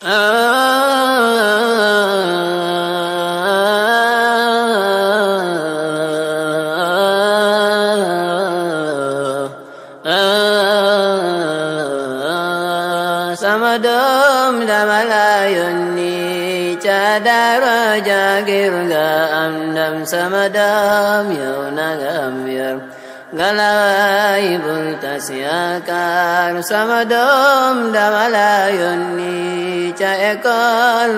sama doom dama la yónni ca daara ja ngir nga am ndam sama doom yow am yor ngalaay bul tas yaakaar sama doom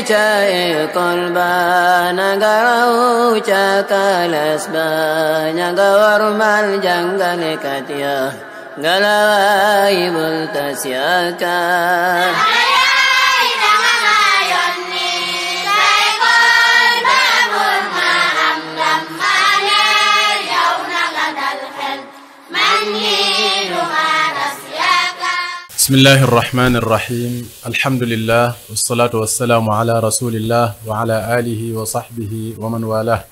cay kolba na nga raw ca kalas ba ña nga warmal jàngalekat ya nga lawaay bul tas yaakaar bismillahi irrahmani irrahim alhamdulillah wassalaatu wassalaamu ala rasulillah wa ala alihi wa sahbihi wa man walah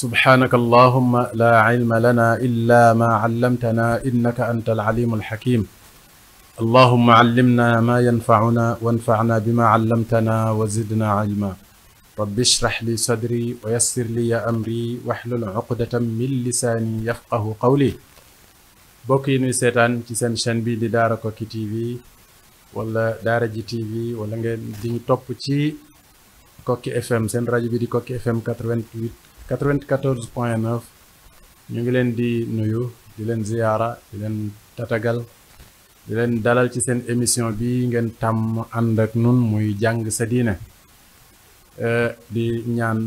subhaanaka allahumma la ilma lana illa ma allamtana innaka anta alalimu alhakim allahumma allimna ma yanfacuna wanfacna bima allamtana wa zidna ilma rabbi ishrah li sadri wa yassir li amri wahlul uqdatan min lisaani yafqahu qawli bokk yi nuy seetaan ci seen chaîne bi di Daara Koki TV wala Daara ji TV wala ngeen di topp ci Koki FM seen rajo bi di Koki FM 88 94 point 9 ñu ngi leen di nuyu di leen ziyaara di leen tatagal di leen dalal ci seen émission bi ngeen tàmm ànd ak nun muy jàng sa diine euh, di ñaan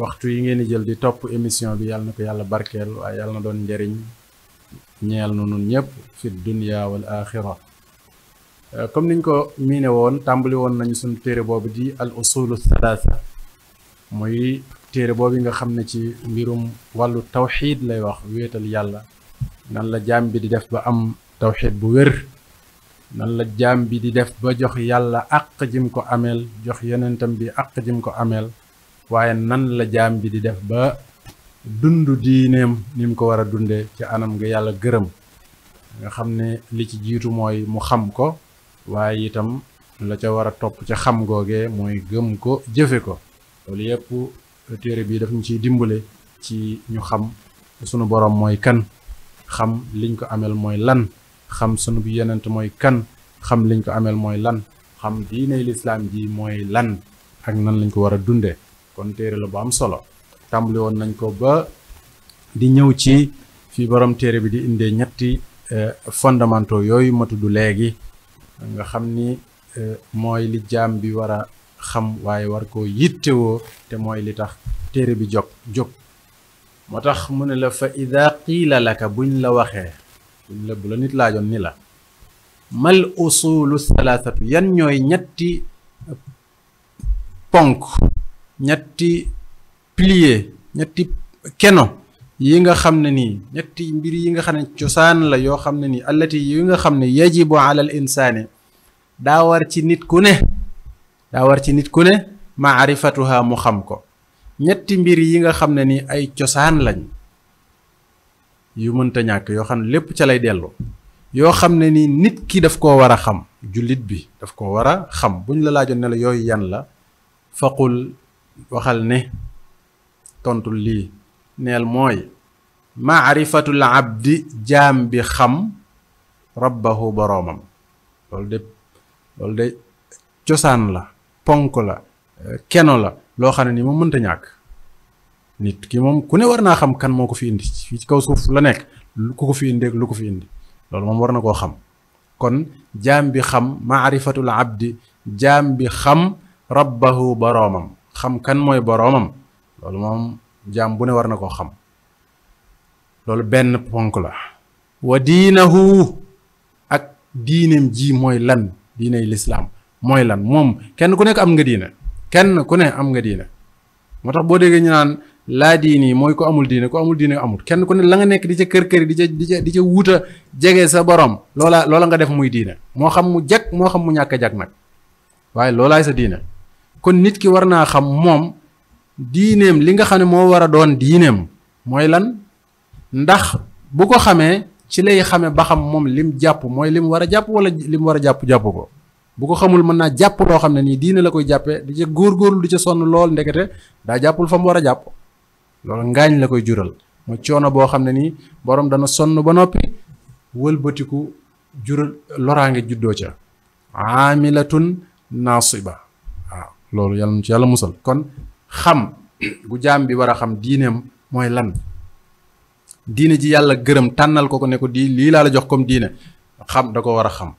waxtu yi ngeen di jël di topp émission bi yàlla na ko yàlla barkeel waaye yàlla na doon njariñ ñeel nu nun ñëpp fi dunya wal axira comme niñ ko miine woon tàmbali woon nañu suñu téere boobu di al usulu thalatha muy téere boobu nga xam ne ci mbirum wàllu tawxiid lay wax wéetal yàlla nan la jaam bi di def ba am tawxiid bu wér nan la jaam bi di def ba jox yàlla àq jim ko ameel jox yonentam bi àq jim ko ameel waaye nan la jaam bi di def ba dund diineem ni mu ko war a dunde ci anam nga yàlla gërëm nga xam ne li ci jiitu mooy mu xam ko waaye itam la ca war a topp ca xam googee mooy gëm ko jëfe ko loolu yépp téere bii daf ñu ciy dimbale ci ñu xam sunu boroom mooy kan xam liñ ko ameel mooy lan xam sunu bu mooy kan xam liñ ko ameel mooy lan xam diiney lislaam ji mooy lan ak nan lañ ko war a dunde kon téere la bu am solo tàmbali woon nañ ko ba di ñëw ci fi borom téere bi di indee ñetti eh, fondamento yooyu ma tudd léegi nga xam ni eh, mooy li jaam bi war a xam waaye war koo yittewoo te mooy li tax téere bi jóg jóg moo tax mu ne la fa ida qiila laka buñ la waxee buñ la bu la nit laajoon ni la mal usulu salaasatu yan ñooy ñetti ponk ñetti pilier ñetti keno yi nga xam ne nii ñetti mbir yi nga xam ne cosaan la yoo xam ne nii allati yi nga xam ne yajibu alal insaani daa war ci nit ku ne daa war ci nit ku ne maarifatuha mu xam ko ñetti mbir yi nga xam ne ni ay cosaan lañ yu mënta ñàkk yoo xam ne lépp ca lay dellu yoo xam ne nii nit ki daf ko war a xam jullit bi daf ko war a xam bu la laajoon ne yooyu yan la faqul waxal ne tontul lii neel mooy maarifatul abdi jaam bi xam rabbahu boroomam loolu de loolu de cosaan la ponk la euh, keno la loo xam ne ni moom mënta ñàkk nit ki moom ku ne war naa xam kan moo ko fi indi fii ci kaw suuf la nekk lu ko fi indi ak lu ko fi indi loolu moom war na koo xam kon jaam bi xam maarifatul abdi jaam bi xam rabbahu boroomam xam kan mooy boroomam loolu moom jaam bu ne war na koo xam loolu benn ponk la wa diinahu ak diineem jii mooy lan diiney lislaam mooy lan moom kenn ku nekk am nga diine kenn ku ne am nga diina moo tax boo déggee ñu naan laa diini mooy ko amul diine ko amul diine amul kenn ku ne la nga nekk di ca kër kër di ca di ca di ca wuta jege sa borom loola nga def muy diina moo xam mu jag moo xam mu ñàkk jag nag waaye loolaay sa diine kon nit ki war naa xam moom diineem li nga xam ne moo war a doon diineem mooy lan ndax bu ko xamee ci lay xamee ba xam moom lim jàpp mooy lim war a jàpp wala lim war a jàpp jàpp ko bu ko xamul mën naa jàpp loo xam ne nii diine la koy jàppee di ca góorgóorlu ca sonn lool daa jàppul fa mu war a jàpp loolu ngaañ la koy jural mu coono boo xam ne nii boroom dana sonn ba noppi wëlbatiku jural loraange juddoo ca aamilatun naasiba waaw loolu ci yàlla musal kon xam gu jaam bi war a xam diineem mooy lan diine ji yàlla gërëm tànnal ko ko nekko di lii laa la jox comme diine xam da ko war a xam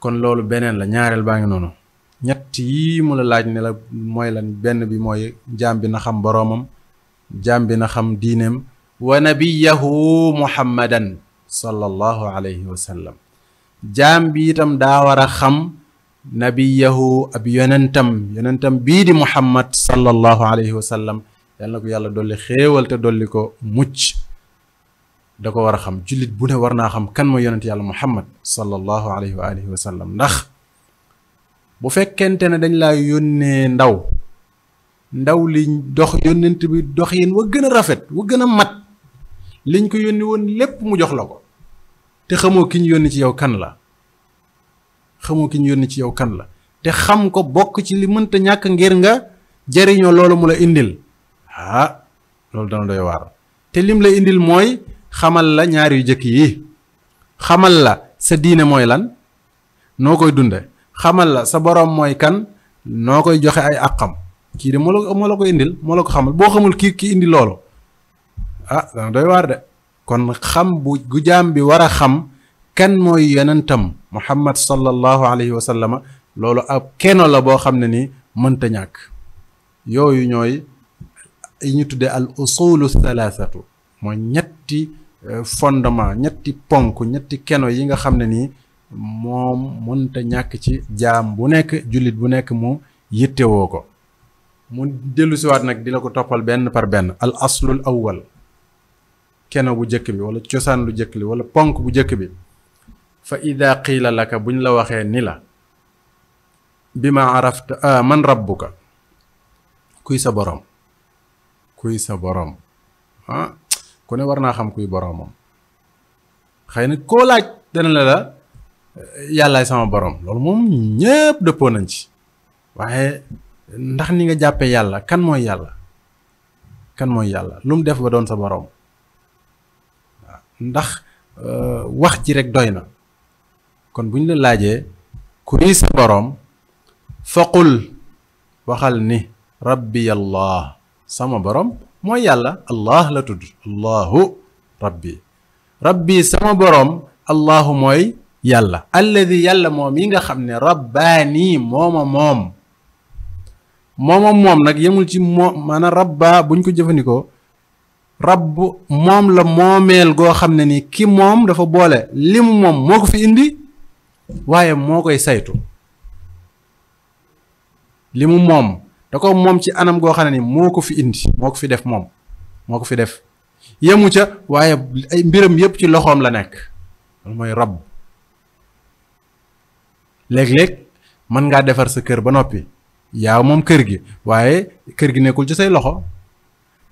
kon loolu beneen la ñaareel baa ngi noonu ñett yii mu la laaj ne la mooy lan benn bi mooy jaam bi na xam boroomam jaam bi na xam diineem wa nabiyahu muhammadan sallallahu alayhi wa sallam jaam bi itam daa war a xam nabiyahu ab yonentam yonentam bii di muhammad sallallahu alayhi wa sallam na ko yàlla dolli xéewal te dolli ko mucc da ko war a xam jullit bu ne war naa xam kan mooy yonent yàlla muhammad sallallahu alayhi wa alihi wa sallam ndax bu fekkente ne dañ laa yónnee ndaw ndaw liñ dox yónnent bi dox yéen wa gën a rafet wa gën a mat liñ ko yónni woon lépp mu jox la ko te xamoo ki yónni ci yow kan la xamoo ki ñu yónni ci yow kan la te xam ko bokk ci li mënta ñàkk ngir nga jariñoo loolu mu la indil ah loolu dana doy waar te lim la indil mooy xamal la ñaar yu yi xamal la sa diine mooy lan noo koy dunde xamal la sa boroom mooy kan noo koy joxe ay àqam kii de moo la moo la ko indil moo la ko xamal boo xamul kii ki indi loolu ah dana doy waar de kon xam bu gu bi war a xam kan mooy yonentam muhammad sallallahu alayhi wa sallama loolu ab keno la boo xam ne ni mënta ñàkk yooyu ñooy yi ñu tuddee al usulu thalathatu mooy ñetti euh, fondement ñetti ponk ñetti keno yi nga xam ne nii moom mënta ñàkk ci jaam bu nekk jullit bu nekk mu yittewoo ko mu dellu siwaat nag di la ko toppal benn par benn al aslul awwal keno bu jëkk bi wala cosaan lu jëkk li wala ponk bu jëkk bi fa ida qiila bu ñu la waxee ni la bi ma arafta ah, man rabbuka kuy sa boroom kuy sa boroom ah ku ne war naa xam kuy boroomam xëy na koo laaj dana la la yàllaay sama boroom loolu moom ñépp dëppoo nañ ci waaye ndax ni nga jàppee yàlla kan mooy yàlla kan mooy yàlla lu mu def ba doon sa boroom waaw ndax euh, wax ji rek doy na kon bu ñu la laajee kuy sa boroom faqul waxal ni rabbi allah sama boroom mooy yàlla allah la tudd allahu rabbi rabbi sama boroom allahu mooy yàlla alladi yàlla moom yi nga xam ne rabbaani mooma moom ko jëfandikoo rabb moom la moomeel goo xam ne ni ki moom dafa boole li mu moom moo ko fi indi waaye moo koy saytu li mu moom da ko moom ci anam goo xam ne ni moo ko fi indi moo ko fi def moom moo ko fi def yemu ca waaye ay mbiram yépp ci loxoom la nekk loolu mooy rab léeg mën ngaa defar sa kër ba noppi yaa moom kër gi waaye kër gi nekkul ci say loxo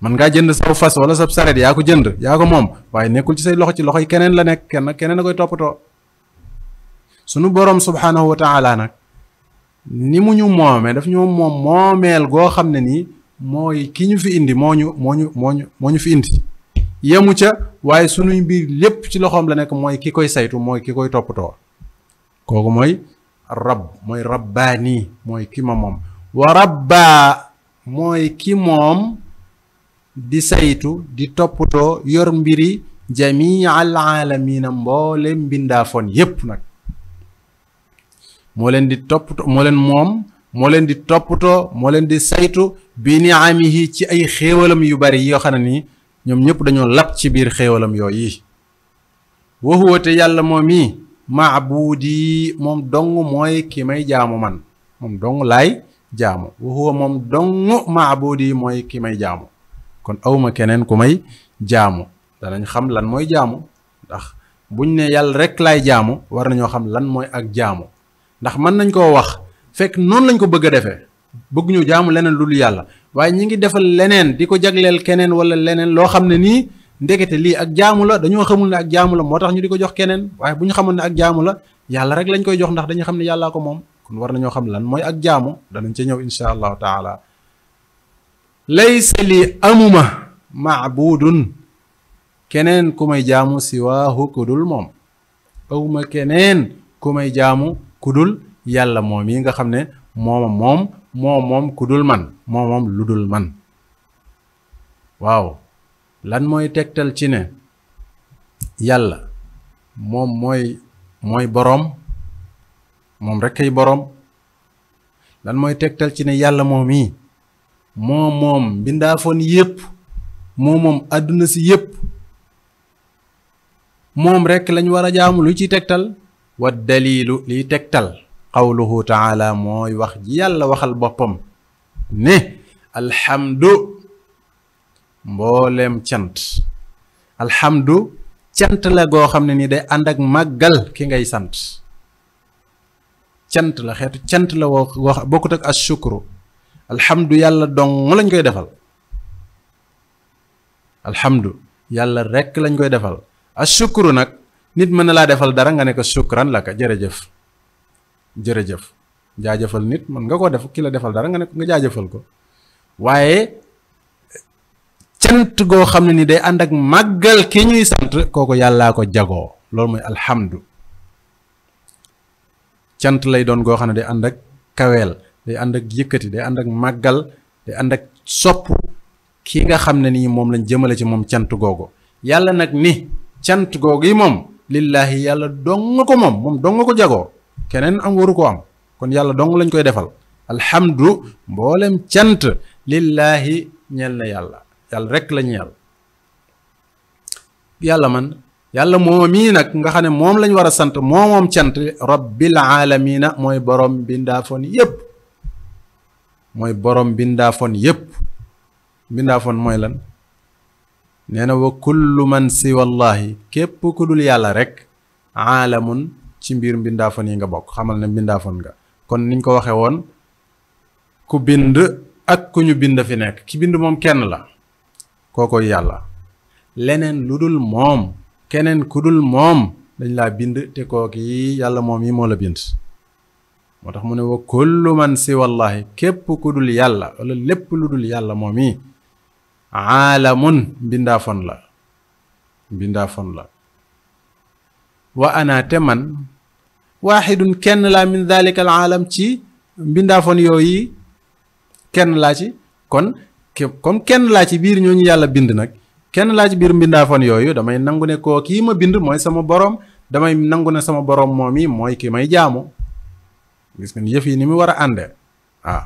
mën ngaa jënd saw fas wala sa saret yaa ko jënd yaa ko moom waaye nekkul ci say loxo ci loxo yi keneen la nekk kenn keneen a koy toppatoo sunu boroom subhaanahu wa taala nag ni mu ñu moome daf ñoo moom moomeel goo xam ne nii mooy ki ñu fi indi moo ñu moo ñu moo ñu fi indi yemu ca waaye sunuy mbir lépp ci loxoom la nekk mooy ki koy saytu mooy ki koy toppatoo kooku mooy rab mooy rabbaani mooy ki ma moom wa rabbaa mooy ki moom di saytu di toppatoo yor mbiri jamii al aalamiina mboole mbindaafoon fon yépp nag moo leen di toppatoo moo leen moom moo leen di toppatoo moo leen di saytu bi ni'amihi ci ay xéewalam yu bari yoo xam ne nii ñoom ñëpp dañoo lap ci biir xéewalam yooyu wa huwa te yàlla moom i maabuudi moom dong mooy ki may jaamu man moom dong laay jaamu wa huwa moom dong maabuudi mooy ki may jaamu kon awma keneen ku may jaamu danañ xam lan mooy jaamu ndax buñ ne yàlla rek laay jaamu war na ñoo xam lan mooy ak jaamu ndax mën nañ koo wax fekk noonu lañ ko bëgg a defee bëgg ñu jaamu leneen lu dul yàlla waaye ñi ngi defal leneen di ko jagleel keneen wala leneen loo xam ne nii ndekete lii ak jaamu la dañoo xamul ne ak jaamu la moo tax ñu di ko jox keneen waaye bu ñu xamul ne ak jaamu la yàlla rek lañ koy jox ndax dañu xam ne yàllaa ko moom kon war na nañoo xam lan mooy ak jaamu danañ ca ñëw insha allah taala laysa li amuma maabudun keneen ku may jaamu siwaahu ku dul moom awma keneen ku may jaamu ku dul yàlla moom yi nga xam ne mooma moom moo moom ku dul man moo lu dul man waaw lan mooy tegtal ci ne yàlla moom mooy mooy boroom moom rekk ay boroom lan mooy tegtal ci ne yàlla moom yi moo moom mbindaafoon yépp moo àdduna si yépp moom rekk lañ war a jaamu lu ci tegtal wa daliilu liy tegtal qawluhu taala mooy wax ji yàlla waxal boppam ne alhamdu mboolem cant alhamdu cant la goo xam ne ni day ànd ak màggal ki ngay sant cant la xeetu cant la woo wax bokkut ak ashukru alhamdu yàlla dong lañ koy defal alxamdu yàlla rekk lañ koy defal ashukru nag nit mën na laa defal dara nga ne ko sukran la ka jërëjëf jërëjëf jaajëfal nit mën nga koo def ki la defal dara nga ne ko nga jaajëfal ko waaye cant goo xam ne nii day ànd ak màggal ki ñuy sant kooku yàllaa ko jagoo loolu mooy alhamdu cant lay doon goo xam ne day ànd ak kaweel day ànd ak yëkkati day ànd ak màggal day ànd ak sopp ki nga xam ne nii moom lañ jëmale ci moom cant googu yàlla nag ni cant googu yi moom lillaahi yàlla dong ko moom moom dong ko jagoo keneen am waru ko am kon yàlla dong lañ koy defal alhamdu mboolem cant lillaahi ñeel na yàlla yàlla rek la ñeel yàlla man yàlla moom mii nag nga xam ne moom lañ war a sant moomoom cant rabbil aalamiina mooy borom bindaafoon yépp mooy borom bindaafoon yépp bindaafoon mooy lan nee na wa kullu man siwa llaahi képp ku dul yàlla rek aalamun ci mbir mbindaafoon yi nga bokk xamal ne mbindaafoon nga kon niñ ko waxee woon ku bind ak ku ñu bind fi nekk ki bind moom kenn la kookoy yàlla leneen lu dul moom keneen ku dul moom dañ laa bind te kooki yàlla moom yi moo la bind moo tax mu ne wa kullu man siwa llaahi képp ku dul yàlla wala lépp lu dul yàlla moom yi aalamun mbindaa la mbindaa la wa ana man waaxidun kenn laa min dalika al aalam ci mbindaa fon yi kenn laa ci kon comme kenn laa ci biir ñoo ñu yàlla bind nag kenn laa ci biir mbindaafon yooyu damay nangu ne koo kii ma bind mooy sama boroom damay nangu ne sama boroom moom yi mooy ki may jaamu gis nga yëf yi ni mu war a ànde waaw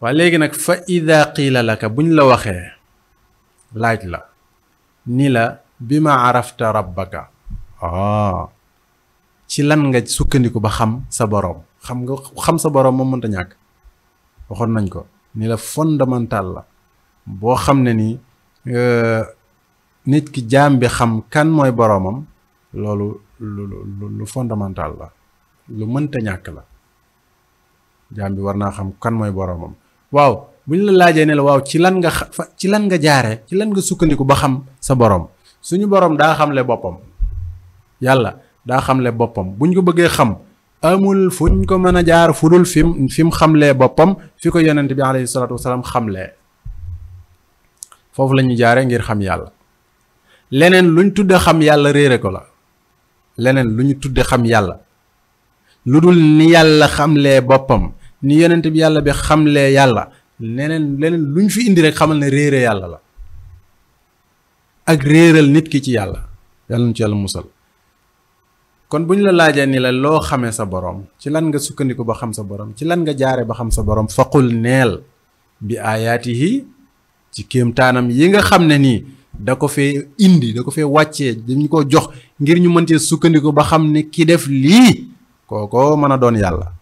waa léegi nag fa ida qiila laka ñu la waxee laaj la ni la bi ma arafta rabbaka ah ci lan nga sukkandiku ba xam sa boroom xam nga xam sa boroom moom mënta ñàkk waxoon nañ ko ni la fondamental la boo xam ne ni euh, nit ki jaam bi xam kan mooy boroomam loolu lu lu fondamental la lu mënta ñàkk la jaam bi war naa xam kan mooy boroomam waaw bu ñu la laajee ne la waaw ci lan nga ci lan nga jaare ci lan nga sukkandiku ba xam sa boroom suñu borom daa xamle boppam yàlla daa xamle boppam bu ñu ko bëggee xam amul fu ñu ko mën a jaar fu dul fim fi mu xamlee boppam fi ko yonent bi alayhi salaatu wasalaam xamlee foofu la ñu jaare ngir xam yàlla leneen lu ñu tudde xam yàlla réere ko la leneen lu ñu tudde xam yàlla lu dul ni yàlla xamlee boppam ni yonent bi yàlla bi xamlee yàlla leneen leneen lu ñu fi indi rek xamal ne réere yàlla la ak réeral nit ki ci yàlla yàlla nu ci yàlla musal kon bu ñu la laajee ni la loo xamee sa borom ci lan nga sukkandiku ba xam sa boroom ci lan nga jaare ba xam sa borom faqul neel bi aayaatihi ci taanam yi nga xam ne nii da ko fee indi da ko fee wàccee dañ ko jox ngir ñu mën cee sukkandiku ba xam ne ki def lii kookoo mën a doon yàlla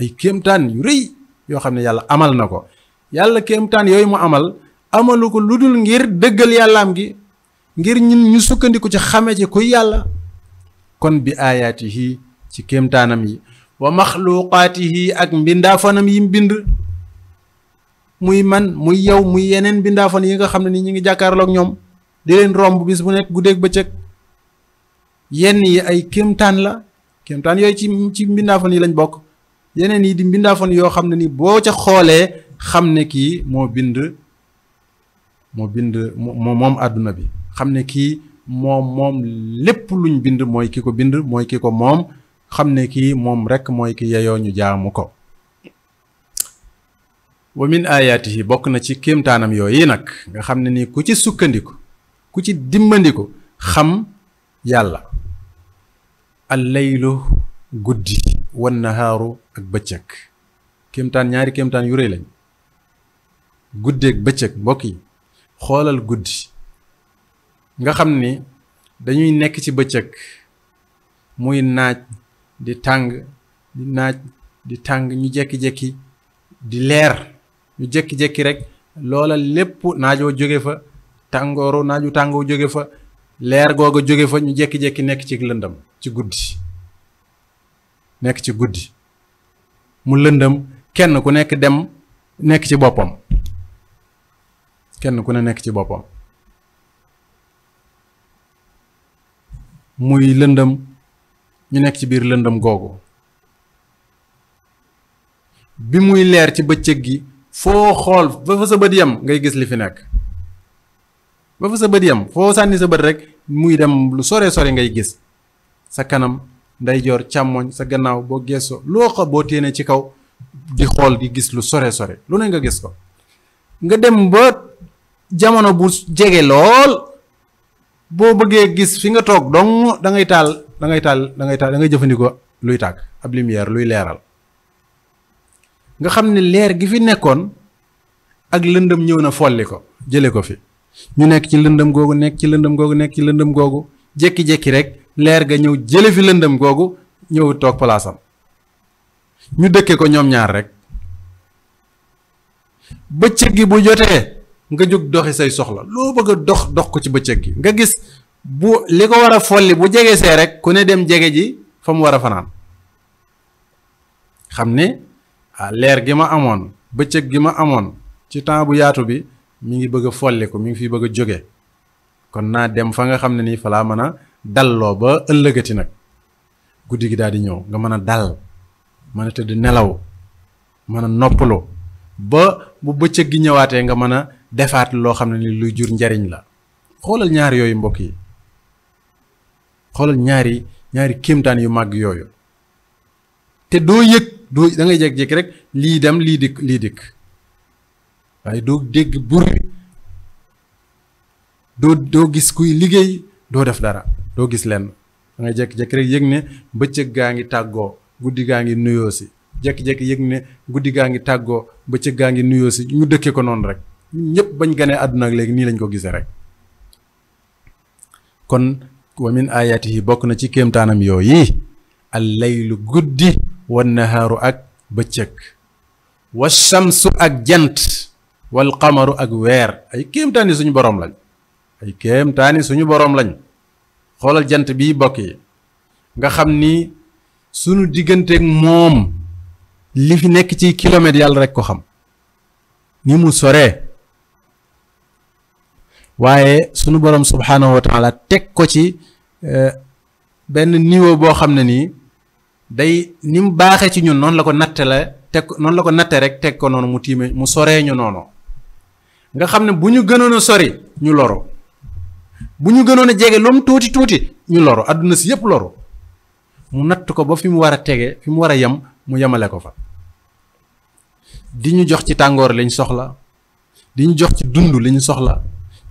ay kéemtaan yu rëy yoo xam ne yàlla amal na ko yàlla kéemtaan yooyu mu amal amalu ko lu dul ngir dëggal yàllaam gi ngir ñun ñu sukkandiku ci xame ci kuy yàlla kon bi aayaatihi ci kéemtaanam yi wa maxluqaatihi ak mbindaafanam yi mbind muy man muy yow muy yeneen mbindaafan yi nga xam ne ni ñu ngi jàkkaarloog ñoom di leen romb bis bu nekk guddeeg bëccëg yenn yi ay kéemtaan la kéemtaan yooyu ci ci mbindaafan yi lañ bokk yeneen yi di mbindaafoon yoo xam ne ni boo ca xoolee xam ne kii moo bind moo bind moo moom àdduna bi xam ne kii moom moom lépp luñ bind mooy ki ko bind mooy ki ko moom xam ne kii moom rekk mooy ki yeyoo ñu jaamu ko wa min bokk na ci kéemtaanam yi nag nga xam ne ni ku ci sukkandiku ku ci dimbandiku xam yàlla al laylu guddi wan nahaaru ak bëccëg kéemtaan ñaari kéemtaan yu rëy lañ guddeeg bëccëg mbokk yi xoolal guddi nga xam ni dañuy nekk ci bëccëg muy naaj di tàng di naaj di tàng ñu jekki-jekki di leer ñu jekki-jekki rek loola lépp naajoo jóge fa tàngooru naaju tàngoo jóge fa leer googa jóge fa ñu jekki-jekki nekk ci lëndam ci guddi nekk ci guddi mu lëndëm kenn ku nekk dem nekk ci boppam kenn ku ne nekk ci boppam muy lëndëm ñu nekk ci biir lëndëm googu bi muy leer ci bëccëg gi foo xool ba fa sa bët yam ngay gis li fi nekk ba fa sa bët yam foo sànni sa bët rek muy dem lu sore sore ngay gis sa kanam ndeyjoor càmmoñ sa gannaaw boo geesoo loo xam boo téenee ci kaw di xool di gis lu sore sore lu ne nga gis ko nga dem ba jamono bu jege lool boo bëggee gis fi nga toog dong dangay taal da ngay taal da ngay taal da ngay jëfandikoo luy tàgg ab lumière luy leeral nga xam ne leer gi fi nekkoon ak lëndëm ñëw na folli ko jële ko fi ñu nekk ci lëndëm googu nekk ci lëndëm googu nekk ci lëndëm googu jékki-jékki rek leer ga ñëw jële fi lëndam googu ñëw toog palaasam ñu dëkke ko ñoom ñaar rek bëccëg gi bu jotee nga jóg doxi say soxla loo bëgg a dox dox ko ci bëccëg gi nga gis bu li ko war a folli bu jege see rek ku ne dem jege ji fa mu war a fanaan xam ni ah, leer gi ma amoon bëccëg gi ma amoon ci temps bu yaatu bi mu ngi bëgg a folli ko mu ngi fi bëgg a jóge kon naa dem fa nga xam ne nii fa mën a dalloo ba ëllëgati nag guddi gi daal di ñëw nga mën a dal mën a tëdd nelaw mën a noppalu ba bu bëccëg gi ñëwaatee nga mën a defaat loo xam ne ni luy jur njariñ la xoolal ñaar yooyu mbokk yi xoolal ñaari ñaari kéemtaan yu màgg yooyu te doo yëg doo da ngay jékki-jékki rek lii dem lii dikk lii dikk waaye doo dégg bur doo doo gis kuy liggéey doo def dara doo gis lenn da ngay jékki-jékki rek yëg ne bëccëg gaa ngi tàggoo guddi gaa ngi nuyoo si jékki-jékki yëg ne guddi gaa ngi tàggoo bëccëg gaa ngi nuyoo si ñu dëkkee ko noonu rek ñëpp bañ ganee àdduna ak léegi nii lañ ko gisee rek kon wa ayaat yi bokk na ci kéemtaanam yooyu al lu guddi wan nahaaru ak bëccëg wa shamsu ak jant wal qamaru ak weer ay kéemtaani suñu boroom lañ ay kéemtaani suñu boroom lañ xoolal jant bii bokk yi nga xam ni suñu digganteeg moom li fi nekk ci kilomètres yàlla rek ko xam ni mu soree waaye sunu borom subhaanahu teg ko ci eh, benn niveau boo xam ne nii day ni mu baaxee ci ñun noonu la ko natte la teg noonu la ko natte rek teg ko noonu mu tiime mu soree ñu noonu nga xam ne bu ñu gënoon a sori ñu loro bu ñu gënoon a jege loom tuuti tuuti ñu loro àdduna si yëpp loru mu natt ko ba fi mu war a tege fi mu war a yem mu yemale ko fa di ñu jox ci tàngoor li soxla di ñu jox ci dund li soxla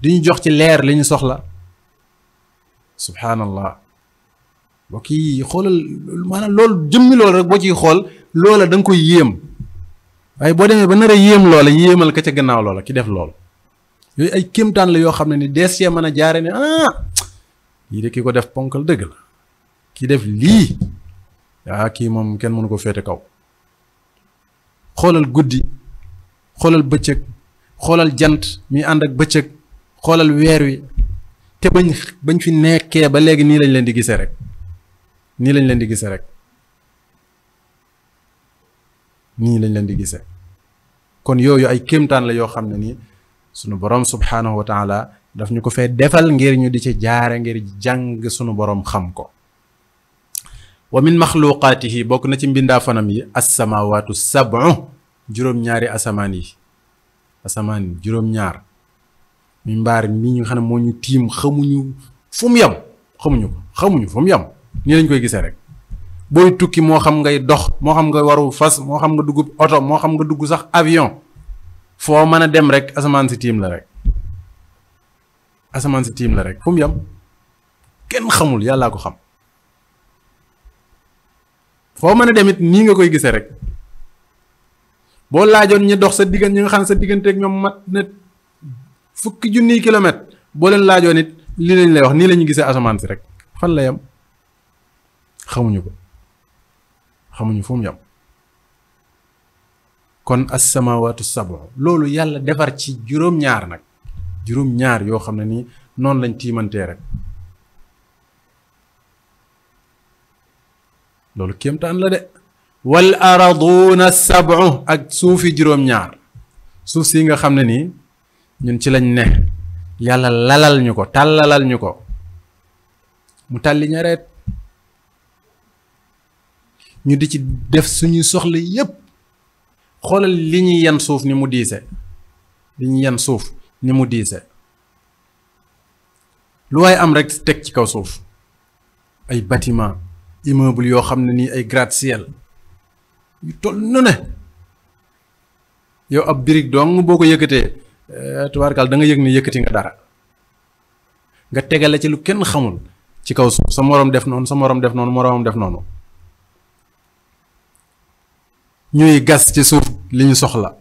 di jox ci leer lañu ñu soxla subhaanallah mbokk yi xoolal maanaam loolu jëmmi loolu rek boo ciy xool loola da koy yéem waaye boo demee ba nar a yéem loola yéemal ka ca gannaaw loola ki def lool yooyu ay kéemtaan la yoo xam ne ni dees cee mën a jaare ne ah lii de ki ko def ponkal dëgg la ki def lii yaa ah, kii moom kenn mënu ko féete kaw xoolal guddi xoolal bëccëg xoolal jant muy ànd ak bëccëg xoolal weer wi te bañ bañ fi nekkee ba léegi nii lañ leen di gisee rek nii lañ leen di gisee rek nii lañ leen di gisee kon yooyu ay kéemtaan la yoo xam ne nii sunu borom subhaanahu wa taala daf ñu ko fee defal ngir ñu di ci jaare ngir jàng sunu boroom xam ko wa min maxluqaatihi bokk na ci mbindaa fanam yi assamaawaatu sabu juróom-ñaari asamaan yi asamaan juróom-ñaar mi mbaar mi ñu xam ne moo tiim xamuñu fu mu xamuñu ko xamuñu fu mu yem nii lañ koy gisee rek booy tukki moo xam ngay dox moo xam nga waru fas moo xam nga dugub oto moo xam nga dugg sax avion foo mën a dem rek asamaan si tiim la rek asamaan si tiim la rek fu mu yem kenn xamul yàllaa ko xam foo mën a dem it nii nga koy gisee rek boo laajoon ñi dox sa diggante ñi nga xam ne sa diggante digganteeg ñoom mat na fukki junniy kilomètre boo leen laajoon it lii lañ lay wax nii la ñu gisee asamaan si rek fan la yem xamuñu ko xamuñu fu mu yem kon asamawaatu sabu loolu yàlla defar ci juróom-ñaar nag juróom-ñaar yoo xam ne ni noonu lañ tiimantee rek loolu kéemtaan la de wal araduuna sabu ak suufi juróom-ñaar suuf si nga xam ne ni ñun ci lañ ne yàlla lalal ñu ko tàllalal ñu ko mu tàlli ñareet ñu di ci def suñuy soxla yépp xoolal li ñuy yan suuf ni mu diise li ñuy yan suuf ni mu diise lu waaye am rek teg ci kaw suuf ay bâtiment immeuble yoo xam ne nii ay gratte-ciel yu toll nu ne yow ab birig doom boo ko yëkkatee eh, tubaarkaal da nga yëg ne yëkkati nga dara nga tegale ci lu kenn xamul ci kaw suuf sa moroom def noonu sa moroom def noonu moroomam def noonu ñuy gas ci suuf li soxla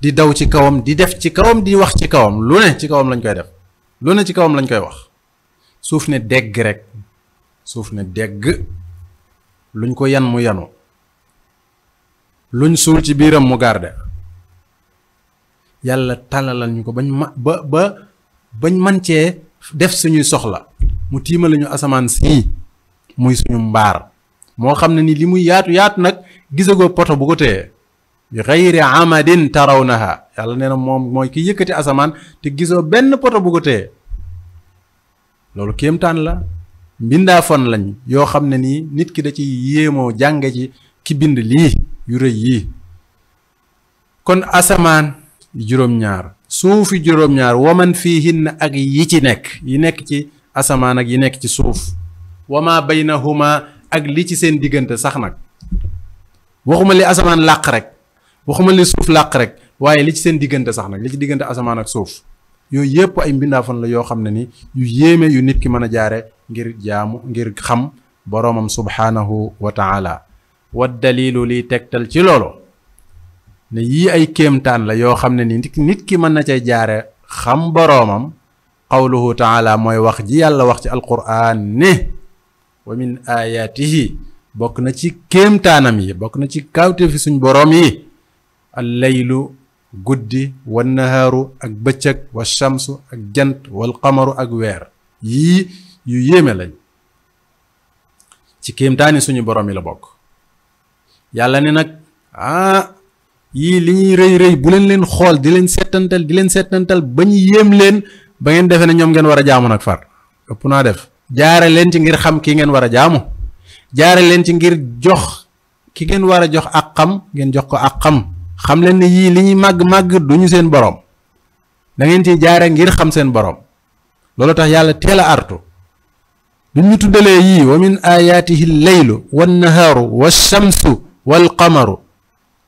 di daw ci kawam di def ci kawam di wax ci kawam lu ne ci kawam lañ koy def lu ne ci kawam lañ koy wax suuf ne dégg rek suuf ne degg luñ ko yan mu yanu luñ suul ci biiram mu garde yàlla tàllalal ñu ko bañ ba ba bañ man cee def suñuy soxla mu tiimale ñu asamaan sii muy suñu mbaar moo xam na ni li muy yaatu yaatu nag gisagoo poto bu ko téye bi xayri taraw tarawnaha yàlla nee na moom mooy ki yëkkati asamaan te gisoo benn poto bu ko téye loolu kéemtaan la mbindaa fon lañ yoo xam ne nii nit ki da ci yéemoo jànge ci ki bind lii yu rëy yii kon asamaan juróom-ñaar suufi juróom-ñaar waman fiihinna ak yi ci nekk yi nekk ci asamaan ak yi nekk ci suuf wama baynahuma ak li ci seen diggante sax nag waxuma li asamaan làq rek waxuma li suuf làq rek waaye li ci seen diggante sax nag li ci diggante asamaan ak suuf yooyu yëpp ay mbindaafan la yoo xam ne ni yu yéeme yu nit ki mën a jaare ngir jaamu ngir xam boroomam subhaanahu wa taala wa dalilu liy tegtal ci loolu ne yii ay kéemtaan la yoo xam ne ni nit ki mën na cay jaare xam boroomam qawluhu taala mooy wax ji yàlla wax ci alquraan ne wa min ayaatihi bokk na ci kéemtaanam yi bokk na ci kaawte fi suñ boroom yi al laylu guddi wa nahaaru ak bëccëg wa shamsu ak jant wal xamaru ak weer yii yu yéeme lañ ci kéemtaani suñu boroom yi la bokk yàlla ne nag ah yii li ñuy rëy rëy bu leen leen xool di leen settantal di leen settantal ba yéem leen ba ngeen defee na ñoom ngeen war a jaamu nag far ëpp naa def jaare leen ci ngir xam ki ngeen war a jaamu jaare leen ci ngir jox ki ngeen war a jox ak xam ngeen jox ko ak xam xam leen ne yii li ñuy màgg-màgg duñu seen boroom dangeen ngeen ci jaare ngir xam seen boroom loolu tax yàlla teel a artu bi ñu tuddalee yii wa min ayaatihi leylu wannahaaru walchamsu walqamaru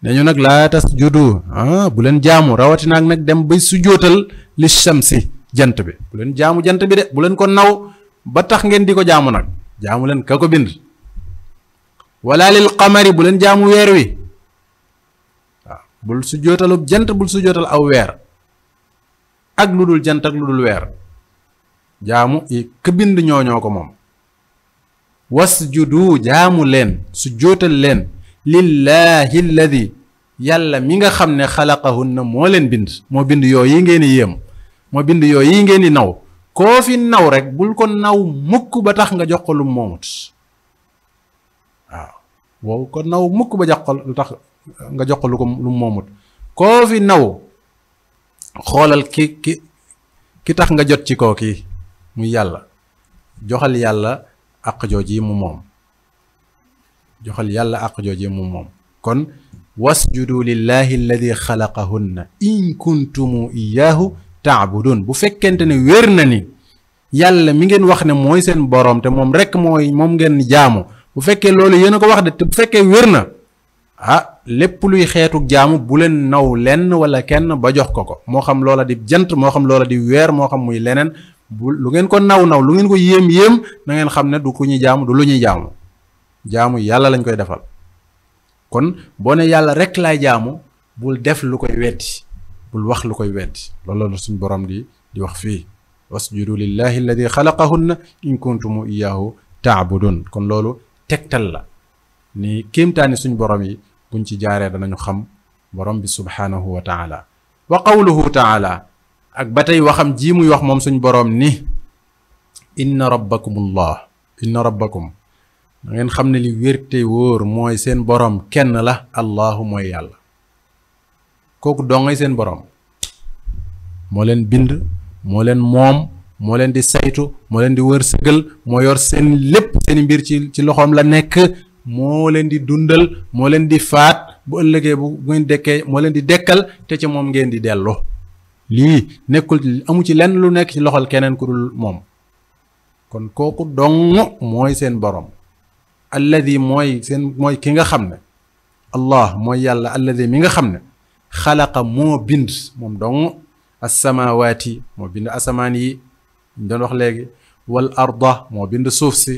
dañu nag laa tasjudu ah bu leen jaamu rawatina nag dem ba sujootal li chamsi jant bi bu jaamu jant bi de bu ko naw ba tax ngeen di ko jaamu nag jaamu leen ka ko bind wala lil qamari bu leen jaamu weer wi waaw bul su jant bul su jootal aw weer ak lu dul jant ak lu dul weer jaamu ka bind ñooñoo ko moom was wasjudu jaamu leen su jootal leen lillahi alladi yàlla mi nga xam ne xalaqahunna moo leen bind moo bind yooyu ngeen di yéem moo bind yooyu ngeen di naw koo fi naw rek bul ko naw mukk ba tax nga jox ko lu moomut ko naw mukk ba jox ko lu ko moomut koo fi naw xoolal ki ki ki tax nga jot ci koo kii mu yàlla joxal yàlla àq jooji mu yàlla àq jooji mu moom kon wasjudu lillahi alladi xalaqahunna in kuntumu iyaahu taabudun bu fekkente ne wér na ni yàlla mi ngeen wax ne mooy seen borom te moom rek mooy moom ngeen jaamu bu fekkee loolu yéen a ko wax de te bu fekkee wér na ah lépp luy xeetu jaamu bu leen naw lenn wala kenn ba jox ko ko moo xam loola di jant moo xam loola di weer moo xam muy leneen bu lu ngeen ko naw naw lu ngeen ko yéem yéem na ngeen xam ne du ku ñuy jaamu du lu ñuy jaamu jaamu yàlla lañ koy defal kon boo ne yàlla rek laay jaamu bul def lu koy weddi bul wax lu koy weddi loolu la suñ boroom di di wax fii wasjudu lillahi alladi xalaqahunna in kuntum iyaahu taabudun kon loolu tegtal la ni kéemtaani suñ boroom yi buñ ci jaaree danañu xam boroom bi subhaanahu wa taala wa qawluhu taala ak ba tey waxam ji muy wax moom suñ boroom ni inna rabbakumullah inna rabbakum da ngeen xam ne li wérte wóor mooy seen boroom kenn la allahu mooy yàlla kooku dongay seen boroom moo leen bind moo leen moom moo leen di saytu moo leen di wërsëgal moo yor seen lépp seeni mbir ci ci loxoom la nekk moo leen di dundal moo leen di faat bu ëllëgee bu ngeen dekkee moo leen di dekkal te ci moom ngeen di dellu lii nekkul amu ci lenn lu nekk ci loxol keneen ku dul moom kon kooku dong mooy seen boroom alladi ki nga xam ne allah mooy yàlla alladi mi nga xam ne xalaqa moo bind moom dong asamawaati moo bind asamaan yi ñu doon wax léegi wall arda moo bind suuf si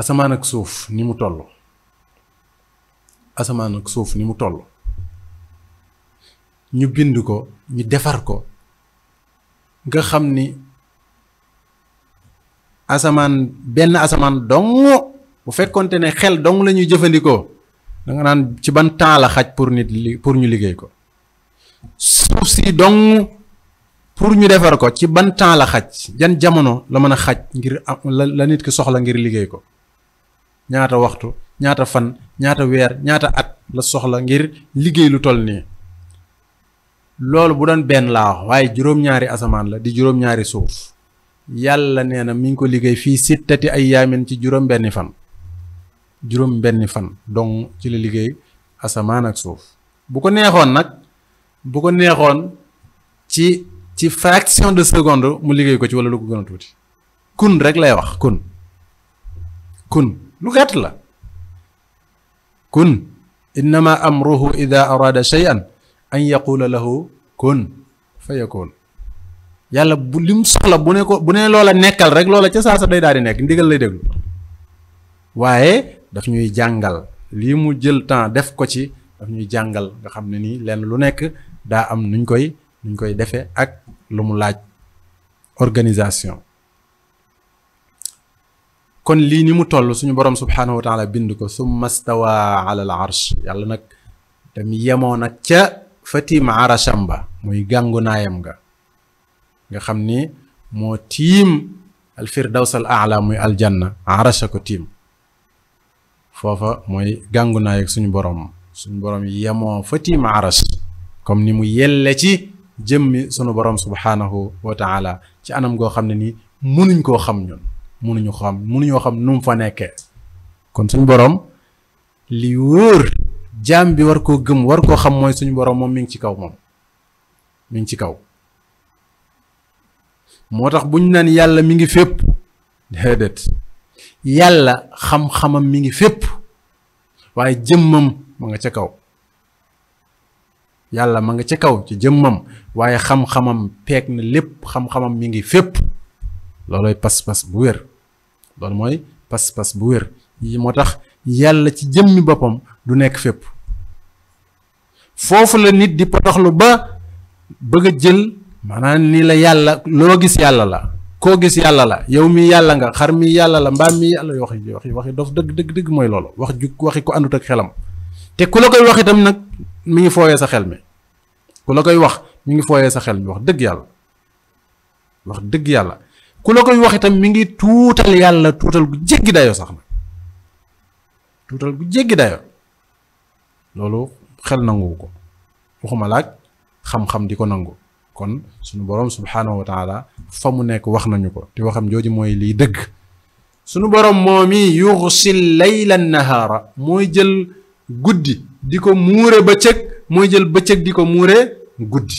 asamaan ak suuf ni mu toll asamaan ak suuf ni mu toll ñu bind ko ñu defar ko nga xam ni asamaan benn asamaan dong bu fekkonte ne xel dong lañuy jëfandikoo da nga naan ci ban temps la xaj pour nit li pour ñu liggéey ko suuf si dong pour ñu defar ko ci ban temps la xaj yan jamono la mën a xaj ngir am la nit ki soxla ngir liggéey ko ñaata waxtu ñaata fan ñaata weer ñaata at la soxla ngir liggéey lu toll nii loolu bu doon benn laa wax waaye juróom-ñaari asamaan la di juróom-ñaari suuf yàlla nee na mi ngi ko liggéey fii sittati ay yaamin ci juróom-benni fan juróom benni fan donc ci la liggéey asamaan ak suuf bu ko neexoon nag bu ko neexoon ci ci fraction de seconde mu liggéey ko ci wala lu ko gën tuuti kun rek lay wax kun kun lu gàtt la kun innama amruhu ida arada shay'an an yaqula lahu kun fa yakun yàlla bu lim soxla bu ne ko bu ne loola nekkal rek loola ca saa sa day daal di nekk ndigal lay déglu waaye daf ñuy jàngal lii mu jël temps def ko ci daf ñuy jàngal nga xam ne nii lenn lu nekk daa am nuñ koy nuñ koy defee ak lu mu laaj organisation kon lii ni mu toll suñu borom subhaanahu wa bind ko su stawa ala yàlla nag tam yemoo nag ca fatim arasham ba muy gàngu naayam xam ni moo tiim al muy aljanna arasha ko tiim foofa mooy gàngu naa suñu boroom suñu borom yemoo fa tiim aras comme ni mu yelle ci jëmmi sunu borom subhaanahu wa taala ci anam goo xam ne nii mënuñ koo xam ñun mënuñu xam mënuñoo xam nu mu fa nekkee kon suñu boroom li wóor jaam bi war koo gëm war koo xam mooy suñu borom moom mi ngi ci kaw moom mi ngi ci kaw moo tax buñ naan yàlla mi ngi fépp déedéet yàlla xam-xamam mi ngi fépp waaye jëmmam ma nga ca kaw yàlla ma nga ca kaw ci jëmmam waaye xam-xamam peeg na lépp xam-xamam mi ngi fépp loolooy pas-pas bu wér loolu mooy pas-pas bu wér yi moo tax yàlla ci jëmmi boppam du nekk fépp foofu la nit di potoxlu ba bëgg a jël maanaam ni la yàlla loo gis yàlla la koo gis yàlla la yow mi yàlla nga xar mi yàlla la mbaam mi yàlla wax yi wax yi waxi dof dëgg dëgg dëgg mooy loolu wax ju waxi ko àndut ak xelam te ku la koy wax itam nag mi ngi fooyee sa xel mi ku koy wax mi ngi fooyee sa xel mi wax dëgg yàlla wax dëgg yàlla ku la koy wax itam mi ngi tuutal yàlla tuutal gu jéggi dayoo sax na tuutal gu jéggi dayoo loolu xel nanguwu ko waxuma laaj xam-xam di ko nangu kon suñu borom subhaanahu wa taala fa mu nekk wax nañu ko te waxam jooju mooy liy dëgg sunu boroom moom yi yuxsil layla nahaara mooy jël guddi di ko muure bëccëg mooy jël bëccëg di ko muure guddi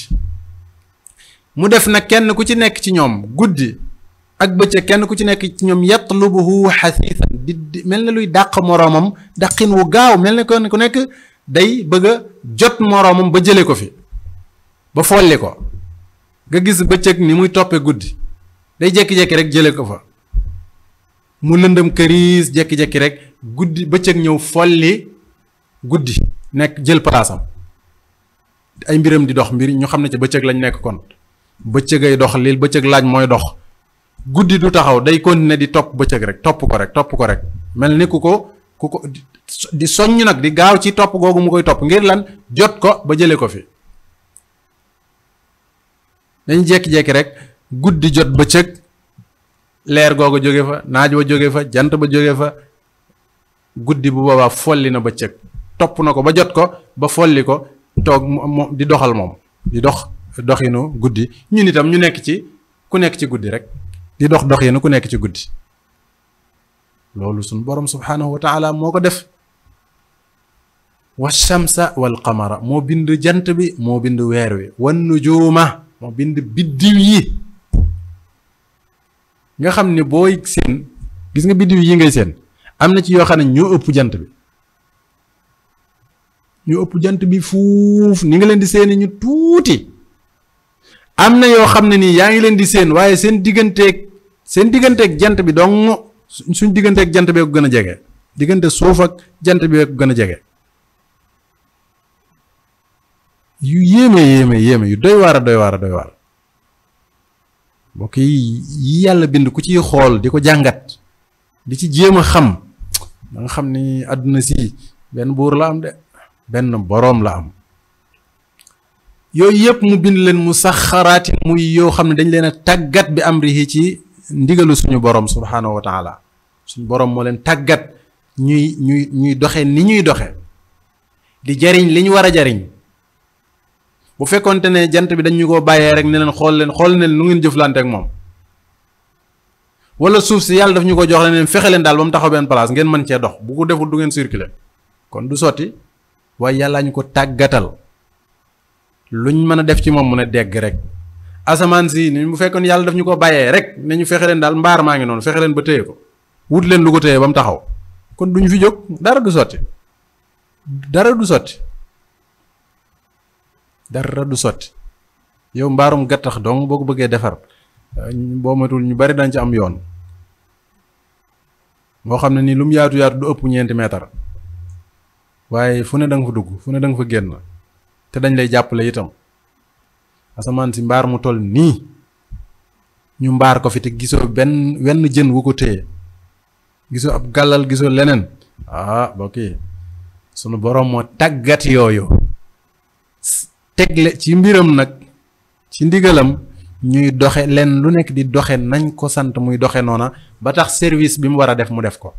mu def na kenn ku ci nekk ci ñoom guddi ak bëccëg kenn ku ci nekk ci ñoom yatlubuhu xasiisan di mel na luy dàq moroomam dàqin wu gaaw mel na kenn ku nekk day bëgg a jot moroomam ba jële ko fi ba folli ko nga gis bëccëg ni muy toppee guddi day jékki-jékki rek jëlee ko fa mu lëndëm këriis jékki-jékki rek guddi bëccëg ñëw folli guddi nekk jël palaasam ay mbiram di dox mbir ñu xam ne ci bëccëg lañ nekk kon bëccëg ay dox lii bëccëg laaj mooy dox guddi du taxaw day continuer di topp bëccëg rek topp ko rek topp ko rek mel ni ku ko ku ko di soññ nag di gaaw ci topp googu mu koy topp ngir lan jot ko ba jëlee ko fi. dañu jékki-jékki rek guddi jot ba cëg leer googu jóge fa naaj ba jóge fa jant ba jóge fa guddi bu boobaa folli na ba bëccëg topp na ko ba jot ko ba folli ko toog moom di doxal moom di dox doxinu guddi ñun itam ñu nekk ci ku nekk ci guddi rek di dox doxinu ku nekk ci guddi loolu suñ borom subhaanahu moo ko def wa shamsa wal qamara moo bind jant bi moo bind weer wi wan nujuuma moo bind biddiw yi nga xam ne booy séen gis nga biddiw yi ngay séen am na ci yoo xam ne ñoo ëpp jant bi ñoo ëpp jant bi fuuf ni nga leen di seeni ñu tuuti am na yoo xam ne nii yaa ngi leen di séen waaye seen digganteeg seen digganteeg jant bi dong suñ digganteek jant bee ko gën a jege diggante suuf ak jant bee ko gën a jege yu yéeme yéeme yéeme yu doy waar doy waar a doy waar mbokk yi yi yàlla bind ku ciy xool di ko jàngat di ci jéem a xam da nga xam ni àdduna si benn buur la am de benn boroom la am yooyu yëpp mu bind leen mu saxaraatin muy yoo xam ne dañ leen a tàggat bi am rihi ci ndigalu suñu boroom subhaanahu wa taala suñu boroom moo leen tàggat ñuy ñuy ñuy doxe ni ñuy doxe di jariñ li ñu war a jariñ bu fekkonte ne jant bi dañ ñu koo bàyyee rek ne leen xool leen xool ne nu ngeen jëflante ak moom wala suuf si yàlla daf ñu ko jox leen fexe leen daal ba mu taxaw benn mën cee dox bu ko deful du ngeen circuler kon du sotti waaye yàllaa ñu ko tàggatal luñ mën a def ci moom mu ne dégg rek asamaan si ni bu fekkoon yàlla daf ñu ko bàyyee rek ne ñu fexe leen daal mbaar maa ngi noonu fexe leen ba téye ko wut leen lu ko téye ba mu taxaw kon duñ fi jóg dara du sotti dara du sotti dara du sotti yow mbaarum gattax dong boo ko bëggee defar euh, boo matul ñu bari dañ ci am yoon moo xam ne nii lu mu yaatu yaatu du ëpp ñeenti meetar waaye fu ne da fa dugg fu ne da nga fa génn te dañ lay jàppale itam asamaan si mbaar mu toll nii ñu mbaar ko fi te gisoo benn wenn jën wu ko téye gisoo ab gàllal gisoo leneen ah bokki sunu boroom moo tàggat yooyu tegle ci mbiram nag ci ndigalam ñuy doxe lenn lu nekk di doxe nañ ko sant muy doxe noona ba tax service bi mu war a def mu def ko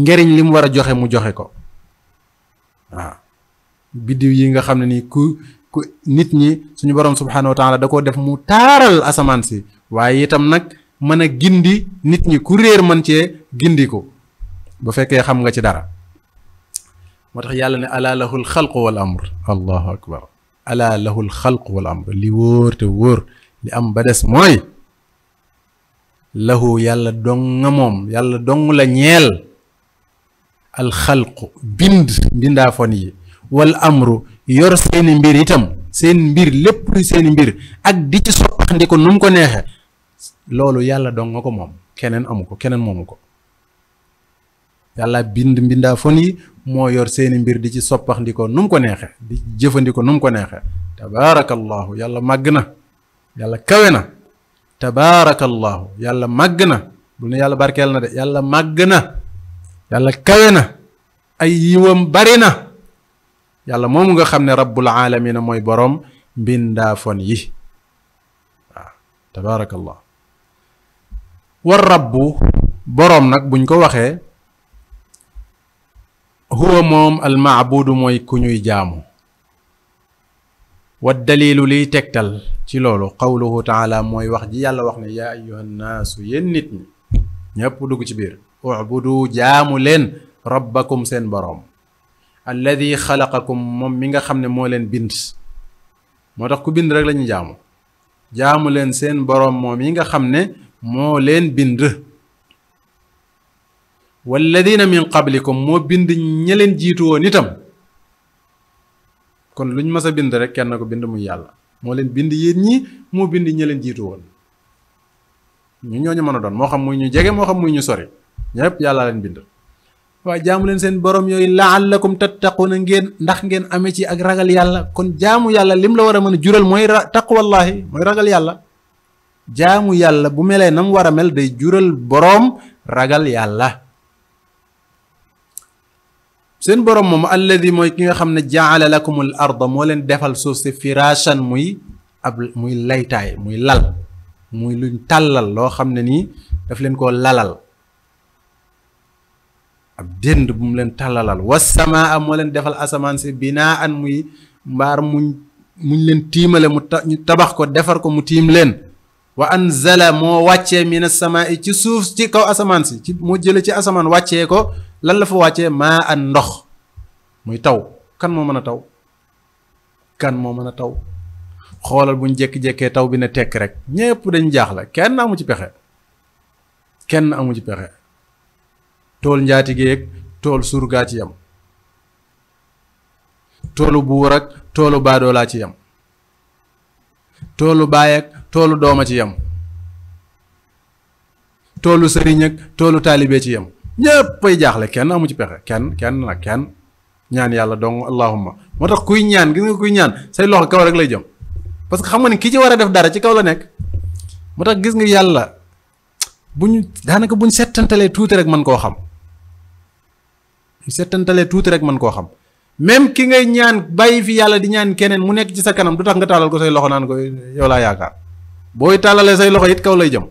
njariñ li mu war a joxe mu joxe ko waaw biddiw yi nga xam ne ni ku ku nit ñi suñu borom subhanahu wa da ko def mu taaral asamaan si waaye itam nag mën a gindi nit ñi ku réer mën cee gindi ko bu fekkee xam nga ci dara moo tax yàlla ne ala lahul xalqu wal amr allahu akbar ala lahul xalq wal amr li wóor te wóor li am ba des mooy lahu yàlla dong moom yàlla dong la ñeel alxalqu bind mbindaafoon yi wal amru yor seeni mbir itam seen mbir lépp seeni mbir ak di ci soppax ndi ko nu mu ko neexe loolu yàlla dong nga ko moom keneen amu ko keneen moomu ko yàlla bind mbindaafon yi moo yor seeni mbir di ci soppax ndi ko nu mu ko neexe di jëfandikoo nu mu ko neexee tabaarakallahu yàlla màgg na yàlla kawe na tabaarakallahu yàlla màgg na bu ne yàlla barkeel na de yàlla màgg na yàlla kawe na ay yiwam bari na yàlla moomu nga xam ne rabbul aalamiina mooy boroom mbindaafon yi waaw tabaarakallahu war rabbu boroom nag buñ ko waxee huwa moom almaabudu mooy ku ñuy jaamu wa dalilu liy tegtal ci loolu qawluhu taala mooy wax ji yàlla wax ne ya ayuha nnaasu yéen nit ñi ñépp dugg ci biir ubudu jaamu leen rabbakum seen boroom alladi xalaqakum moom mi nga xam ne moo leen bind moo tax ku bind rek lañu jaamu jaamu leen seen boroom moom yi nga xam ne moo leen bind walladina min qablikum moo bind ña leen jiitu woon itam kon luñ mës a bind rek kenn ko bind muy yàlla moo leen bind yéen ñi moo bind ña leen jiitu woon ñu ñooñu mën a doon moo xam muy ñu jege moo xam muy ñu sori ñëpp yàlla leen bind waa jaamu leen seen borom yooyu laallakum tattaquuna ngeen ndax ngeen amee ci ak ragal yàlla kon jaamu yàlla lim la war a mën a jural mooy taqwallahi mooy ragal yàlla jaamu yàlla bu melee nam war a mel day jural boroom ragal yàlla seen borom moom alladi mooy ki nga xam ne jaala lakumul arda moo leen defal suuf si firaashan muy ab muy laytaay muy lal muy luñ tàllal loo xam ne nii daf leen koo lalal ab dénd bu mu leen tàllalal wa wasamaa moo leen defal asamaan si an muy mbaar mu mu leen tiimale mu tabax ko defar ko mu tiim leen wa anzala moo wàccee mina samaa ci suuf ci kaw asamaan si moo jële ci asamaan wàccee ko lan la fa wàccee maa an ndox muy taw kan moo mën a taw kan moo mën a taw xoolal buñ jékki-jékkee taw bi ne tekk rek ñépp dañ jaaxle kenn amu ci pexe kenn amu ci pexe tool njaatigee ak tool surgaa ci yam toolu buur ak toolu baadoolaa ci yam toolu baay ak toolu dooma ci yam toolu sëriñ toolu taalibee ci yam ñëpp ay jaaxle kenn amu ci pexe kenn kenn nag kenn ñaan yàlla dong allahumma moo tax kuy ñaan gis nga kuy ñaan say loxo kaw rek lay jëm parce que xam nga ni ki ci war a def dara ci kaw la nekk moo tax gis nga yàlla bu ñu daanaka bu settantalee tuuti rek mën koo xam bu settantalee tuuti rek mën koo xam même ki ngay ñaan bàyyi fi yàlla di ñaan keneen mu nekk ci sa kanam du tax nga tàllal ko say loxo naan ko yow laa yaakaar booy tàllalee say loxo it kaw lay jëm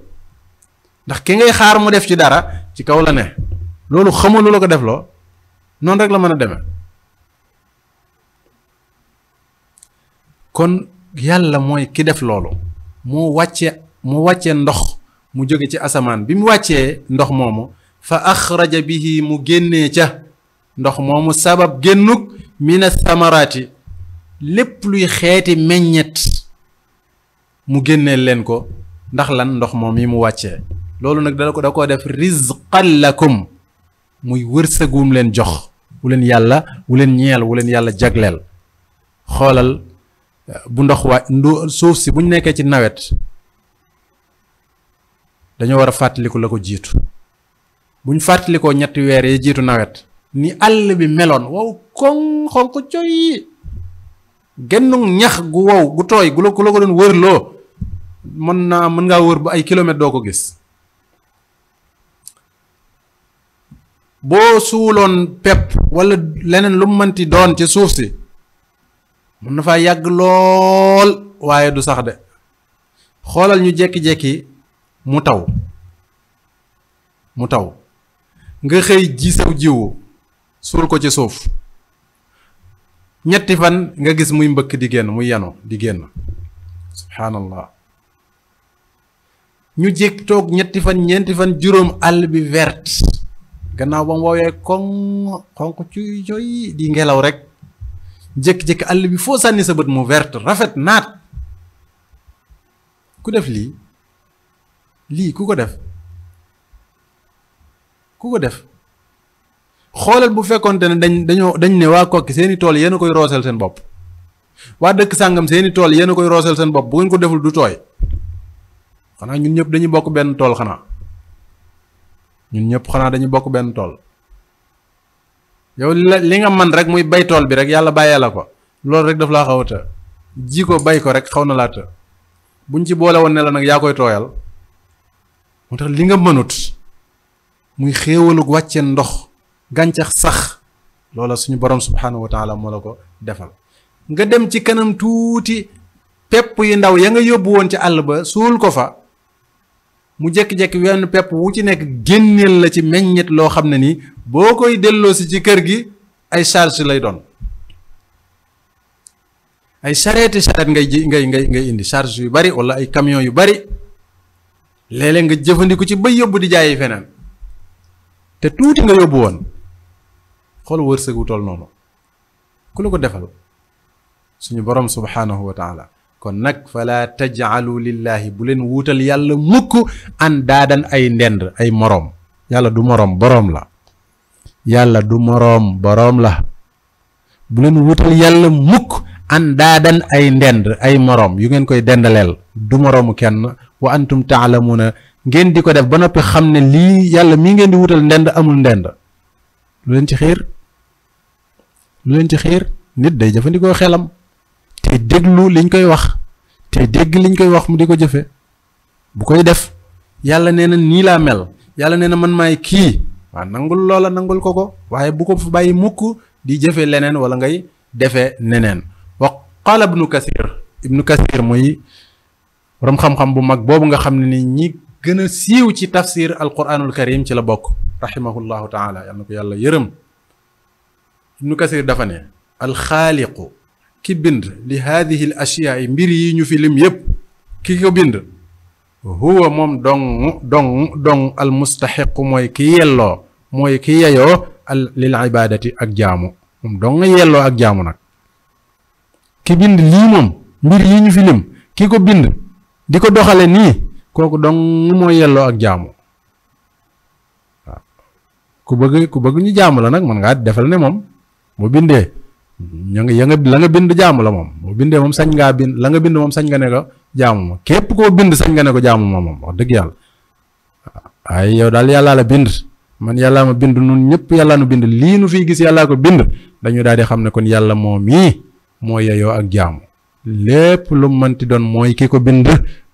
ndax ki ngay xaar mu def ci dara ci kaw la ne. loolu xamoo lu la ko defloo noonu rek la mën a deme kon yàlla mooy ki def loolu moo wàcce moo wàcce ndox mu jóge ci asamaan bi mu wàccee ndox moomu fa bi bihi mu génnee ca ndox moomu sabab mi ne samaraati lépp luy xeeti meññet mu génneel leen ko ndax lan ndox moom yi mu wàccee loolu nag dala ko da koo def rizqan lakum muy wërsëg wu leen jox wu leen yàlla wu leen ñeel wu leen yàlla jagleel xoolal eh, bu ndox waa ndo suuf si bu ñu nekkee ci nawet dañoo war a fàttaliku la ko jiitu bu ñu fàttalikoo ñetti weer yi jiitu nawet ni àll bi meloon wow koŋ xonq coy gennug ñax gu wow gu tooy gu la ko doon wërloo mën naa mën ngaa wër ba ay kilomètres doo ko gis boo suuloon pepp walla leneen lu mënti doon ci suuf si mën na faa yàgg lool waaye du sax de xoolal ñu jekki-jekki mu taw mu taw nga xëy ji saw jiwu suul ko ci suuf ñetti fan nga gis muy mbëkk di génn muy yanu di génn subhaanallah ñu jékki toog ñetti fan ñeenti fan juróom àll bi verte gannaaw ba mu woowee koŋ xonq cuy coy di ngelaw rek jékki-jékki àll bi foo sànni sa bët mu verte rafet naat ku def lii lii ku ko def ku ko def xoolal bu fekkoonte ne dañ dañoo dañ ne waa kokki seeni tool yéen koy roosal seen bopp waa dëkk sàngam seeni tool yéen koy roosal seen bopp bu ngeen ko deful du tooy xanaa ñun ñëpp dañuy bokk benn tool xanaa ñun ñëpp xanaa dañu bokk benn tool yow li nga man rek muy bay tool bi rek yàlla bàyyee la ko loolu rek daf laa xaw a të ji ko bay ko rek xaw na laa të buñ ci boole woon ne la nag yaa koy tooyal moo tax li nga mënut muy xéewalug wàcce ndox gàncax sax loola suñu borom subhaanahu wa taala moo la ko defal nga dem ci kanam tuuti pepp yu ndaw ya nga yóbbu woon ci àll ba suul ko fa mu jékki-jékki wenn pepp wu ci nekk génneel la ci meññet loo xam ne nii boo koy delloo si ci kër gi ay charge lay doon ay charette charette ngay ji ngay ngay ngay indi charge yu bari wala ay camion yu bari léeg nga jëfandiku ci ba yóbbu di jaayi feneen te tuuti nga yóbbu woon xool wërsëg wu noonu ku la ko defal suñu borom subhaanahu wa kon nag fala tajaalu lillahi bu leen wuutal yàlla mukk an daadan ay ndend ay moroom yàlla du moroom boroom la yàlla du moroom boroom la bu leen wuutal yàlla mukk an daadan ay ndend ay moroom yu ngeen koy dendaleel du moroomu kenn wa antum taalamuuna ngeen di ko def ba noppi xam ne lii yàlla mii ngeen di wutal ndend amul ndend lu leen ci xiir lu leen ci xiir nit day jëfandikoo xelam te déglu liñ koy wax te dégg liñ koy wax mu di ko jëfe bu koy def yàlla nee na nii laa mel yàlla nee na man maay kii waaw nangul loola nangul ko ko waaye bu ko bàyyi mukk di jëfe leneen wala ngay defe neneen wa qaala ibnu kasir ibnu kasir mooy borom xam-xam bu mag boobu nga xam ne ni ñi gën a siiw ci tafsir alquranul karim ci la bokk rahimahullahu taala yàlla na ko yàlla yërëm ibnu kasir dafa ne alxaaliqu ki bind li haadihi l ashiyaa mbir yi ñu fi lim yépp ki ko bind huwa moom dong dong dong al mooy ki yelloo mooy ki yeyoo al lil ibaadati ak jaamu moom dong yelloo ak jaamu nag ki bind lii moom mbir yi ñu fi ki ko bind di ko doxale nii kooku dong mooy yelloo ak jaamu waaw ku bëgg ku bëgg ñu jaamu la nag mën ngaa defal ne moom mu bindee ña nga ya nga la nga bind jaamu la moom boo bindee moom sañ ngaa bind la nga bind moom sañ nga ne ko jaamu ma képp koo bind sañ nga ne ko jaamu ma moom wax dëgg yàlla waaye daal yàllaa bind man yàllaa ma bind nun ñëpp yàllaa nu bind lii nu gis yàllaa ko bind dañu daal di xam ne kon yàlla moom ii moo ak jaamu lépp lu mënti doon mooy ki ko bind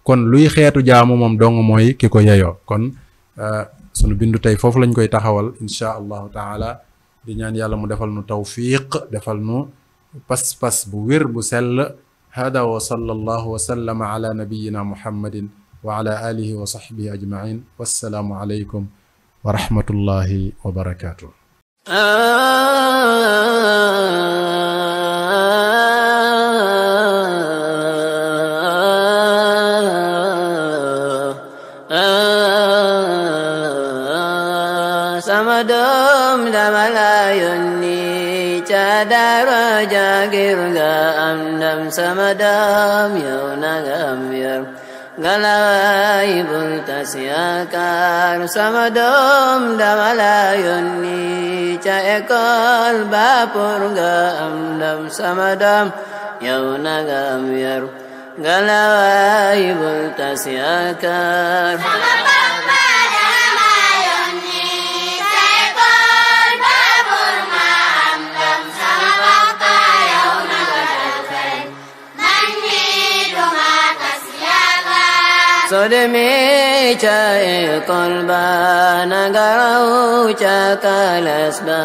kon luy xeetu jaamu moom dong mooy ki ko yeyoo kon euh, sunu bindu tey foofu lañ koy taxawal incha allahu taala di ñaan yàlla mu defal nu tawfiq defal nu pas-pas bu wér bu sell hada wa sallallahu wa sallama ala nabiyina muhammadin wa ala alihi wa sahbihi ajmain wassalaamu alaykum wa rahmatullahi wa barakatuh la la yónni ca daara ja ngir nga am ndam sama dam yow na nga am yar ngalaay bul tas yaakaar sama doom dama la yónni ca école ba pour am ndam sama dam yow na nga am yar ngalaay bul tas yaakaar dormi cay kolba nanga raw ca kalas ba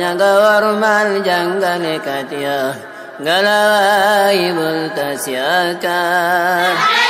ñanga warmal jàngalekat ya ngalawaay bul tas yaakaar